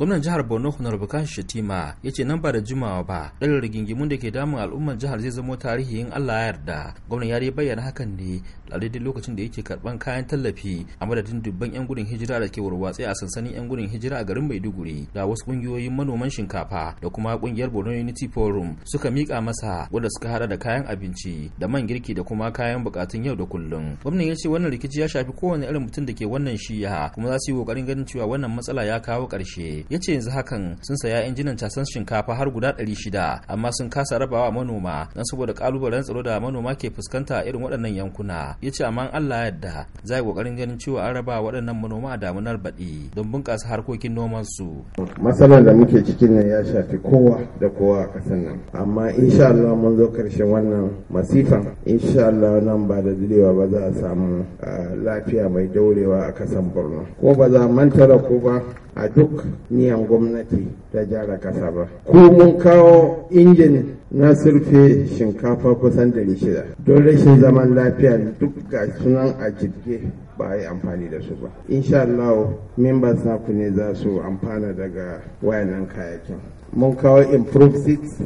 gwamnan jihar borno honorable bukan shatima ya ce nan ba da jimawa ba ɗarin rigingimu da ke damun al'ummar jihar zai zamo tarihi in allah ya yarda gwamnan ya bayyana hakan ne a daidai lokacin da yake karban kayan tallafi a madadin dubban yan gudun hijira da ke warwatsai a sansanin yan gudun hijira a garin maiduguri da wasu kungiyoyin manoman shinkafa da kuma kungiyar borno unity forum suka mika masa wanda suka hada da kayan abinci da man girki da kuma kayan bukatun yau da kullum gwamnan ya ce wannan rikici ya shafi kowane irin mutum da ke wannan shiya kuma za su yi kokarin ganin cewa wannan matsala ya kawo ƙarshe ya ce yanzu hakan sun saya injinan casan shinkafa har guda ɗari shida amma sun kasa rabawa manoma don saboda kalubalen tsaro da manoma ke fuskanta a irin waɗannan yankuna ya ce amma Allah ya yadda za a yi ƙoƙarin ganin cewa an raba waɗannan manoma a damunar baɗi don bunƙasa harkokin noman su. Matsalar da muke cikin nan ya shafi kowa da kowa a ƙasar nan amma insha Allah mun zo ƙarshen wannan masifa insha Allah nan ba da jirewa ba za a samu ah, lafiya mai daurewa a ƙasar Borno ko ba za manta da ko ba a duk niyan gwamnati ta gyara kasa ba ko mun kawo injin na surfe shinkafa kusan dari shida don rashin zaman lafiya duk ga sunan a jirge ba a yi amfani da su ba insha Allah members ku ne za su amfana daga wayannan kayakin mun kawo improved seats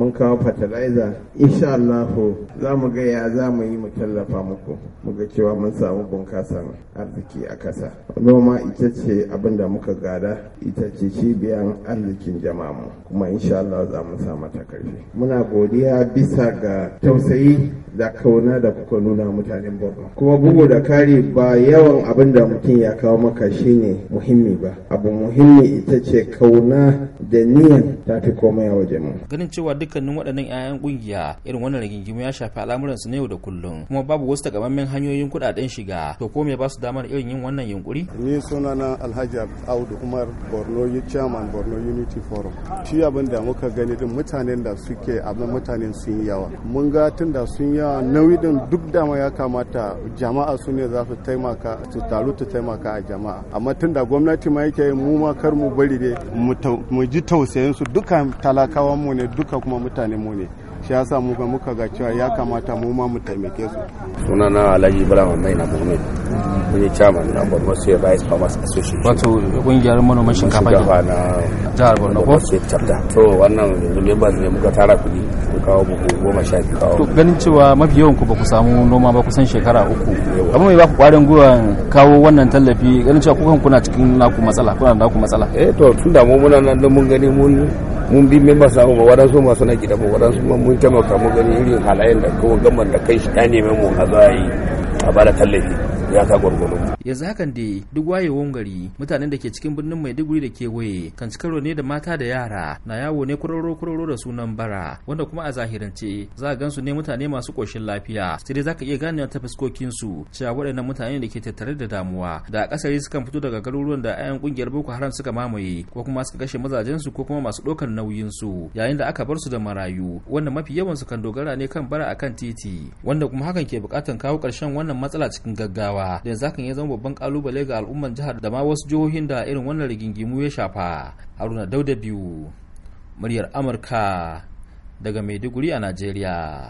mun kawo fertilizer insha Allah za mu ga ya za mu yi mu tallafa muku mu ga cewa mun samu bunkasan arziki a ƙasa. noma ita ce abin da muka gada ita ce cibiyan arzikin jama'a kuma insha Allah za mu samu mata karfi muna godiya bisa ga tausayi da kauna da kuka nuna mutanen Borno. Kuma bugu da kari ba yawan abin da mutum ya kawo maka shine muhimmi ba. Abu muhimmi ita ce kauna da niyan ta fi komai a wajen mu. Ganin cewa dukkanin waɗannan 'ya'yan ƙungiya irin wannan rigingimu ya shafi al'amuran su na yau da kullum kuma babu wasu takamaiman hanyoyin kuɗaɗen shiga to ko me ba su damar irin yin wannan yunkuri? Ni sunana Alhaji Audu Umar Borno Chairman Borno Unity Forum. Shi abin da muka gani din mutanen da suke abin mutanen sun yawa. Mun ga tun da sun yawa nauyi din duk dama ya kamata jama'a su ne za su taimaka su taru ta taimaka a jama'a amma tun da gwamnati ma yake mu ma kar mu bari dai mu ji tausayin su duka talakawan mu ne duka kuma mutane mu ne shi yasa mu ga muka ga cewa ya kamata mu ma mu taimake su suna sunana Alhaji Ibrahim Maina Muhammad mun yi chairman na Borno State Rice Farmers Association wato kungiyar manoman shinkafa na jihar Borno ko to wannan members ne muka tara kuɗi ku kawo buhu goma sha biyu kawo to ganin cewa mafi yawan ku ba ku samu noma ba kusan shekara uku abin mai ba ku kwarin gwiwa kawo wannan tallafi ganin cewa kukan kuna cikin naku matsala kuna da naku matsala eh to tun da mu muna nan mun gani mun mun bi memba samu ma wadansu masu na gida mu wadansu ma mun taimaka mu gani irin halayen da kawai gamar da kai shi ta neman mu a za a bada tallafi ya ta gwargwado yanzu hakan dai duk wayewan gari mutanen da ke cikin birnin maiduguri da kewaye kan ci karo ne da mata da yara na yawo ne kuroro kuroro da sunan bara wanda kuma a zahirance za a gansu ne mutane masu koshin lafiya sai dai ka iya gane ta fuskokin su cewa waɗannan mutane da ke tattare da damuwa da a ƙasari sukan fito daga garuruwan da 'ya'yan kungiyar boko haram suka mamaye ko kuma suka kashe mazajen su ko kuma masu ɗaukar nauyin su yayin da aka bar su da marayu wanda mafi yawan su kan dogara ne kan bara akan titi wanda kuma hakan ke bukatan kawo karshen wannan matsala cikin gaggawa cewa da yanzu hakan ya zama babban kalubale ga al'ummar jihar da ma wasu jihohin da irin wannan rigingimu ya shafa haruna dauda biyu muryar amurka daga maiduguri a najeriya